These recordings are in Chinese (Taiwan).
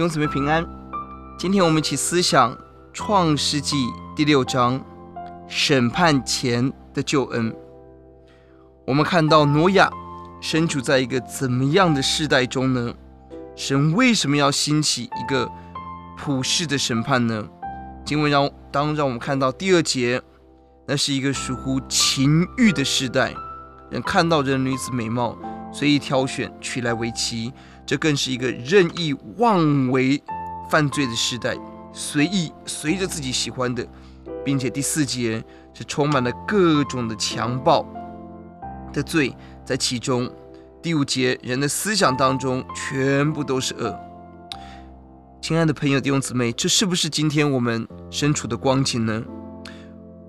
弟兄姊妹平安，今天我們一起思想創世記第六章審判前的救恩。我們看到挪亞身處在一個怎麼樣的世代中呢？神為什麼要興起一個普世的審判呢？今晚讓當讓我們看到第二節，那是一個屬乎情慾的時代，人看到人女子美貌，隨意挑選，娶來為妻。這更是一個任意妄為、犯罪的時代，隨意隨着自己喜歡的，並且第四節是充滿了各種的強暴的罪在其中。第五節人的思想當中全部都是惡。親愛的朋友弟兄姊妹，這是不是今天我們身處的光景呢？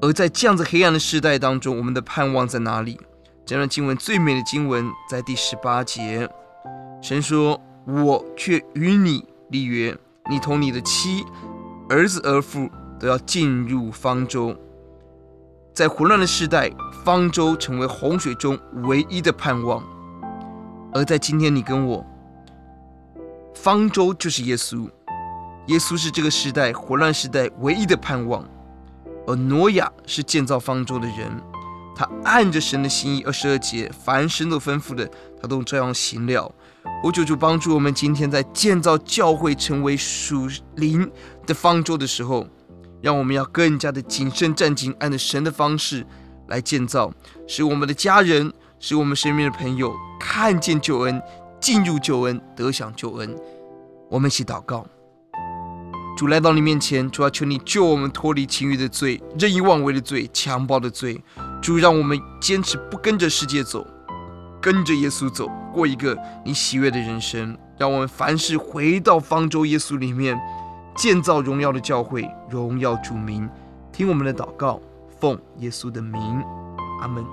而在這樣子黑暗的世代當中，我們的盼望在哪裡？這段經文最美的經文在第十八節。神說：“我卻與你立約，你同你的妻、兒子兒婦都要進入方舟。在混亂的世代，方舟成為洪水中唯一的盼望。而在今天，你跟我，方舟就是耶穌。耶穌是這個時代混亂時代唯一的盼望，而挪亞是建造方舟的人。”他按着神的心意22節，而設計節，凡神都吩咐的，他都照樣行了。我求主幫助我們，今天在建造教會成為屬靈的方舟的時候，讓我們要更加的謹慎戰兢，按着神的方式來建造，使我們的家人，使我們身邊的朋友看見救恩，進入救恩，得享救恩。我們一起禱告，主來到你面前，主要求你救我們脫離情欲的罪、任意妄為的罪、強暴的罪。主，讓我們堅持不跟着世界走，跟着耶穌走，過一個你喜悅的人生。讓我們凡事回到方舟耶穌裡面，建造榮耀的教會，榮耀主名。聽我們的禱告，奉耶穌的名，阿門。